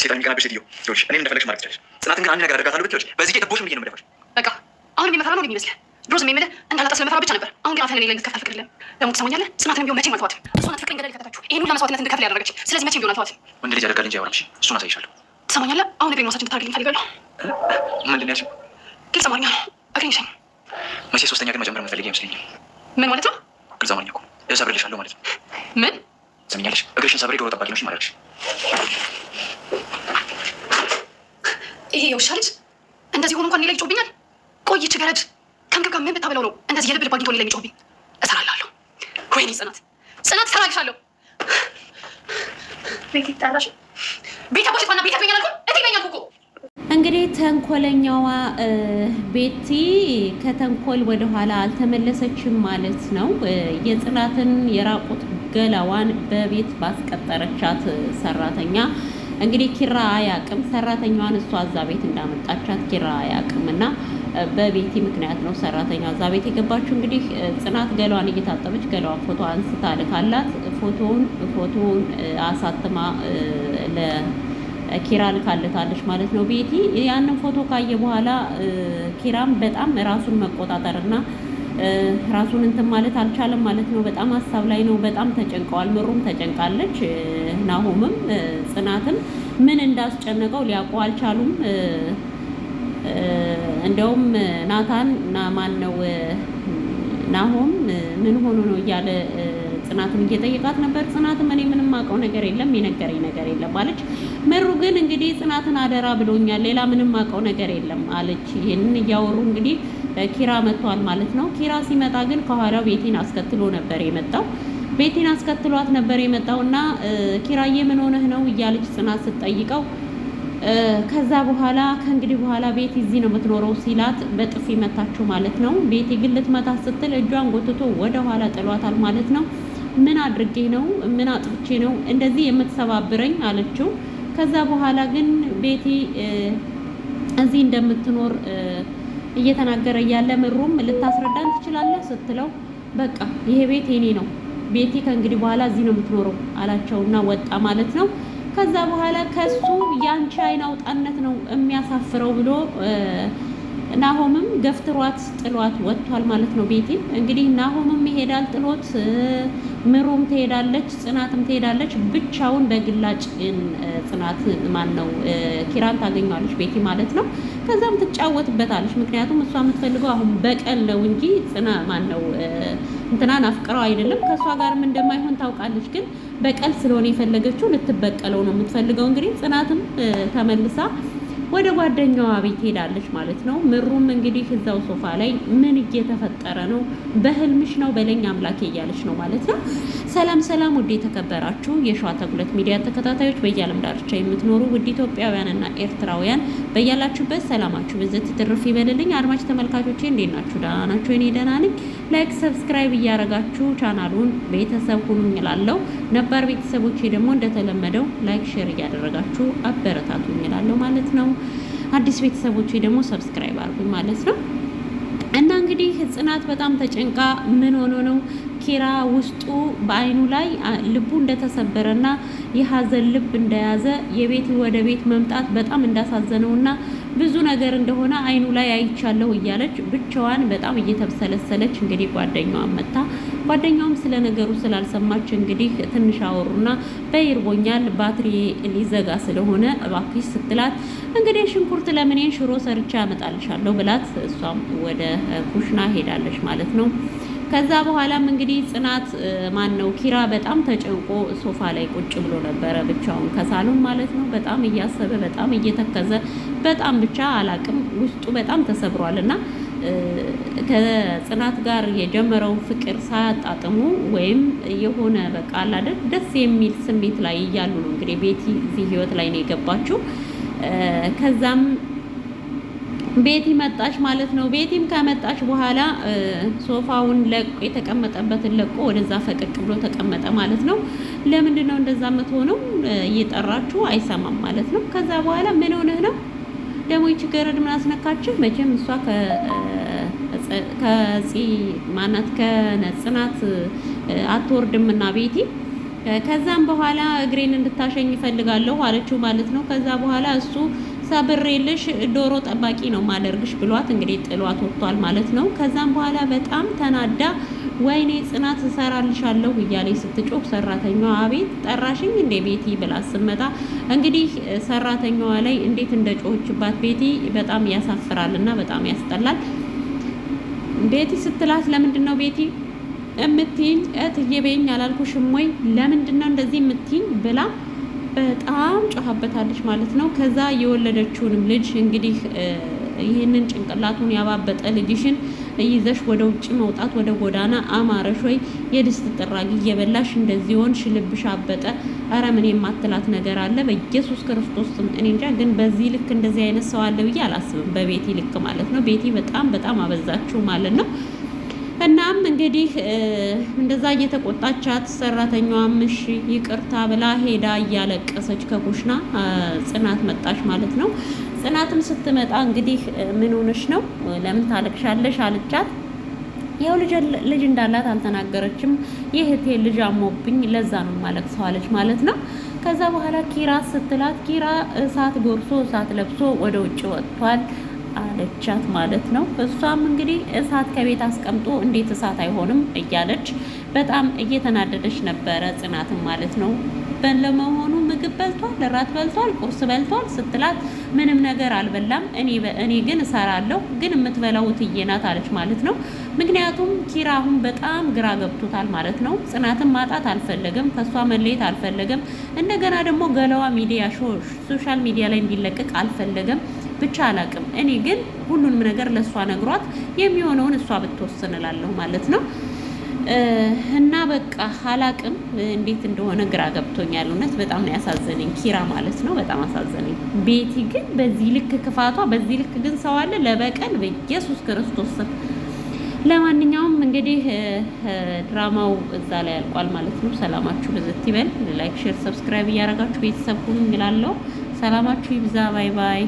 አንቺ ሰይጣን የሚቀናብሽ ሴትዮ ይኸውልሽ፣ እኔም እንደፈለግሽ ማለት ትችላለሽ። ጽናትን ግን አንድ ነገር አደርጋታለሁ ብትይውልሽ በዚህ ጌጥ ቦሽም ብዬሽ ነው የምደፋሽ። በቃ አሁንም የመፈራ ነው የሚመስልህ? ድሮስ የሚምልህ እንዳላጣ ስለመፈራ ብቻ ነበር። አሁን ግን አፈን እኔ ላይ ልትከፍል አልፈቅድልም። ደግሞ ትሰማኛለህ? ጽናትንም ቢሆን መቼም አልተዋትም። እሷን ፍቅር ገደል ከተታችሁ ይሄን ሁሉ መስዋዕትነት እንድከፍል ያደረገች። ስለዚህ መቼም ቢሆን አልተዋትም። ወንድ ልጅ ያደርጋል እንጂ አይሆንምሽ። እሱን አሳይሻለሁ። ትሰማኛለህ? አሁን እግሬን መሳጅ እንድታደርግልኝ እፈልጋለሁ። ምንድን ነው ያልሽው? ግልጽ አማርኛ ነው። እግሬን ሸኝ። መቼ ሶስተኛ ግን መጀመር የምትፈልጊ አይመስለኝም። ምን ማለት ነው? ግልጽ አማርኛ እኮ እሰብርልሻለሁ ማለት ነው። ምን ሰምኛለሽ? እግሬሽን ሰብሬ ዶሮ ጠባቂ ማለት ነው። ይሄ የውሻ ልጅ እንደዚህ ሆኖ እንኳን ሌላ ይጮብኛል። ቆይች ገረድ ከምግብ ጋር ምን ብታበለው ነው እንደዚህ የልብ ልብ አግኝቶ ሌላ የሚጮብኝ? እሰራላለሁ። ወይኔ ጽናት ጽናት እሰራልሻለሁ። ቤት ይጣራሽ ቤት አቦሽቷና ቤት ያገኛል እቴ ይገኛል እኮ እንግዲህ ተንኮለኛዋ ቤቲ ከተንኮል ወደኋላ አልተመለሰችም ማለት ነው። የጽናትን የራቁት ገላዋን በቤት ባስቀጠረቻት ሰራተኛ እንግዲህ ኪራ አያቅም ሰራተኛዋን እሷ እዛ ቤት እንዳመጣቻት ኪራ አያውቅም እና በቤቲ ምክንያት ነው ሰራተኛ እዛ ቤት የገባችው። እንግዲህ ጽናት ገሏን እየታጠበች ገሏን ፎቶ አንስታ ልካላት ፎቶውን ፎቶውን አሳትማ ለኪራ ልካልታለች ማለት ነው ቤቲ። ያንን ፎቶ ካየ በኋላ ኪራም በጣም ራሱን መቆጣጠርና ራሱን እንትን ማለት አልቻለም ማለት ነው። በጣም ሀሳብ ላይ ነው። በጣም ተጨንቀዋል። ምሩም ተጨንቃለች፣ ናሆምም ጽናትም ምን እንዳስጨነቀው ሊያውቁ አልቻሉም። እንደውም ናታን ማን ነው ናሆም ምን ሆኖ ነው እያለ ጽናትን እየጠየቃት ነበር። ጽናትም እኔ ምንም አውቀው ነገር የለም የነገረኝ ነገር የለም አለች። መሩ ግን እንግዲህ ጽናትን አደራ ብሎኛል፣ ሌላ ምንም አውቀው ነገር የለም አለች። ይህንን እያወሩ እንግዲህ ኪራ መጥቷል ማለት ነው። ኪራ ሲመጣ ግን ከኋላው ቤቲን አስከትሎ ነበር የመጣው። ቤቲን አስከትሏት ነበር የመጣው እና ኪራዬ ምን ሆነህ ነው እያለች ጽናት ስትጠይቀው ከዛ በኋላ ከእንግዲህ በኋላ ቤቲ እዚህ ነው የምትኖረው ሲላት በጥፊ መታችሁ ማለት ነው። ቤቲ ግን ልትመታት ስትል እጇን ጎትቶ ወደ ኋላ ጥሏታል ማለት ነው። ምን አድርጌ ነው ምን አጥብቼ ነው እንደዚህ የምትሰባብረኝ አለችው። ከዛ በኋላ ግን ቤቲ እዚህ እንደምትኖር እየተናገረ እያለ ምሩም ልታስረዳን ትችላለህ ስትለው በቃ ይሄ ቤት የኔ ነው፣ ቤቴ ከእንግዲህ በኋላ እዚህ ነው የምትኖረው አላቸውና ወጣ ማለት ነው። ከዛ በኋላ ከሱ ያንቺ አይን አውጣነት ነው የሚያሳፍረው ብሎ ናሆምም ገፍትሯት ጥሏት ወጥቷል ማለት ነው። ቤቴ እንግዲህ ናሆምም ይሄዳል ጥሎት፣ ምሩም ትሄዳለች፣ ጽናትም ትሄዳለች። ብቻውን በግላጭ ጽናት ማን ነው ኪራን ታገኘዋለች ቤቲ ማለት ነው። ከዛም ትጫወትበታለች። ምክንያቱም እሷ የምትፈልገው አሁን በቀል ነው እንጂ ጽና ማን ነው እንትናን አፍቅረው አይደለም። ከእሷ ጋርም እንደማይሆን ታውቃለች። ግን በቀል ስለሆነ የፈለገችው ልትበቀለው ነው የምትፈልገው። እንግዲህ ጽናትም ተመልሳ ወደ ጓደኛዋ ቤት ሄዳለች ማለት ነው። ምሩም እንግዲህ እዛው ሶፋ ላይ ምን እየተፈጠረ ነው? በህልምሽ ነው በለኝ አምላኬ እያለች ነው ማለት ነው። ሰላም ሰላም፣ ውድ የተከበራችሁ የሸዋ ተጉለት ሚዲያ ተከታታዮች በየዓለም ዳርቻ የምትኖሩ ውድ ኢትዮጵያውያንና ኤርትራውያን በያላችሁበት ሰላማችሁ ብዝት ትርፍ ይበልልኝ። አድማጭ ተመልካቾቼ እንዴት ናችሁ? ደህና ናችሁ? እኔ ደህና ነኝ። ላይክ ሰብስክራይብ እያረጋችሁ ቻናሉን ቤተሰብ ሁኑ እላለሁ። ነባር ቤተሰቦቼ ደግሞ እንደተለመደው ላይክ ሼር እያደረጋችሁ አበረታቱ እላለሁ ማለት ነው። አዲስ ቤተሰቦች ደግሞ ሰብስክራይብ አድርጉኝ ማለት ነው። እና እንግዲህ ጽናት በጣም ተጨንቃ ምን ሆኖ ነው ኪራ ውስጡ በአይኑ ላይ ልቡ እንደተሰበረና የሀዘን ልብ እንደያዘ የቤት ወደ ቤት መምጣት በጣም እንዳሳዘነውና ብዙ ነገር እንደሆነ አይኑ ላይ አይቻለሁ እያለች ብቻዋን በጣም እየተብሰለሰለች እንግዲህ ጓደኛዋን መታ ጓደኛውም ስለ ነገሩ ስላልሰማች እንግዲህ ትንሽ አወሩና በይርቦኛል ባትሪ ሊዘጋ ስለሆነ እባክሽ ስትላት እንግዲህ ሽንኩርት ለምኔን ሽሮ ሰርቻ ያመጣልሻለሁ ብላት እሷም ወደ ኩሽና ሄዳለች ማለት ነው። ከዛ በኋላም እንግዲህ ጽናት ማን ነው ኪራ በጣም ተጨንቆ ሶፋ ላይ ቁጭ ብሎ ነበረ ብቻውን ከሳሎን ማለት ነው። በጣም እያሰበ በጣም እየተከዘ በጣም ብቻ አላቅም ውስጡ በጣም ተሰብሯል እና ከጽናት ጋር የጀመረው ፍቅር ሳያጣጥሙ ወይም የሆነ በቃ አላደር ደስ የሚል ስሜት ላይ እያሉ ነው እንግዲህ ቤቲ እዚህ ህይወት ላይ ነው የገባችው። ከዛም ቤቲ መጣች ማለት ነው። ቤቲም ከመጣች በኋላ ሶፋውን ለቆ የተቀመጠበትን ለቆ ወደዛ ፈቀቅ ብሎ ተቀመጠ ማለት ነው። ለምንድን ነው እንደዛ የምትሆነው? እየጠራችሁ አይሰማም ማለት ነው። ከዛ በኋላ ምን ሆነህ ነው ወይ ገረድ ምን አስነካችሁ? መቼም እሷ ከጽ ማናት ከነጽናት አትወርድም እና ቤቲ ከዛም በኋላ እግሬን እንድታሸኝ ይፈልጋለሁ አለችው ማለት ነው። ከዛ በኋላ እሱ ሰብሬልሽ ዶሮ ጠባቂ ነው ማደርግሽ ብሏት እንግዲህ ጥሏት ወጥቷል ማለት ነው። ከዛም በኋላ በጣም ተናዳ ወይኔ ጽናት እሰራልሻለሁ እያለች ስትጮህ ሰራተኛዋ አቤት ጠራሽኝ እንዴ ቤቲ ብላ ስመጣ እንግዲህ ሰራተኛዋ ላይ እንዴት እንደ ጮህችባት ቤቲ በጣም ያሳፍራል እና በጣም ያስጠላል። ቤቲ ስትላት ለምንድን ነው ቤቲ የምትይኝ እትዬ በይኝ አላልኩሽም ወይ ለምንድን ነው እንደዚህ የምትይኝ ብላ በጣም ጮኸበታለች ማለት ነው። ከዛ የወለደችውንም ልጅ እንግዲህ ይህንን ጭንቅላቱን ያባበጠ ልጅሽን ይዘሽ ወደ ውጭ መውጣት ወደ ጎዳና አማረሽ ወይ? የድስት ጥራጊ እየበላሽ እንደዚህ ሆንሽ፣ ልብሽ አበጠ። ኧረ ምን የማትላት ነገር አለ? በኢየሱስ ክርስቶስ ስም እኔ እንጃ። ግን በዚህ ልክ እንደዚህ አይነት ሰው አለ ብዬ አላስብም። በቤቲ ልክ ማለት ነው። ቤቲ በጣም በጣም አበዛችሁ ማለት ነው። እናም እንግዲህ እንደዛ እየተቆጣቻት ሰራተኛዋም እሺ ይቅርታ ብላ ሄዳ እያለቀሰች ከኩሽና ጽናት መጣች ማለት ነው። ጽናትም ስትመጣ እንግዲህ ምን ሆነሽ ነው ለምን ታለቅሻለሽ? አለቻት። ያው ልጅ እንዳላት አልተናገረችም። የእህቴ ልጅ አሞብኝ ለዛ ነው የማለቅሰው ማለት ነው። ከዛ በኋላ ኪራ ስትላት ኪራ እሳት ጎርሶ እሳት ለብሶ ወደ ውጭ ወጥቷል አለቻት ማለት ነው። እሷም እንግዲህ እሳት ከቤት አስቀምጦ እንዴት እሳት አይሆንም እያለች በጣም እየተናደደች ነበረ ጽናትም ማለት ነው በለመሆኑ ምግብ በልቷል፣ እራት በልቷል፣ ቁርስ በልቷል ስትላት ምንም ነገር አልበላም እኔ ግን እሰራለሁ ግን የምትበላው እትዬ ናት አለች ማለት ነው። ምክንያቱም ኪራ አሁን በጣም ግራ ገብቶታል ማለት ነው። ጽናትን ማጣት አልፈለገም፣ ከእሷ መለየት አልፈለገም። እንደገና ደግሞ ገለዋ ሚዲያ ሶሻል ሚዲያ ላይ እንዲለቀቅ አልፈለገም። ብቻ አላቅም እኔ ግን ሁሉንም ነገር ለእሷ ነግሯት የሚሆነውን እሷ ብትወስንላለሁ ማለት ነው። እና በቃ አላቅም እንዴት እንደሆነ ግራ ገብቶኛል። እውነት በጣም ነው ያሳዘነኝ ኪራ ማለት ነው፣ በጣም አሳዘነኝ። ቤቲ ግን በዚህ ልክ ክፋቷ፣ በዚህ ልክ ግን ሰው አለ ለበቀል በኢየሱስ ክርስቶስ። ስም። ለማንኛውም እንግዲህ ድራማው እዛ ላይ ያልቋል ማለት ነው። ሰላማችሁ ብዝት ይበል። ላይክ፣ ሼር፣ ሰብስክራይብ እያደረጋችሁ ቤተሰብ ሁኑ እላለሁ። ሰላማችሁ ይብዛ። ባይ ባይ።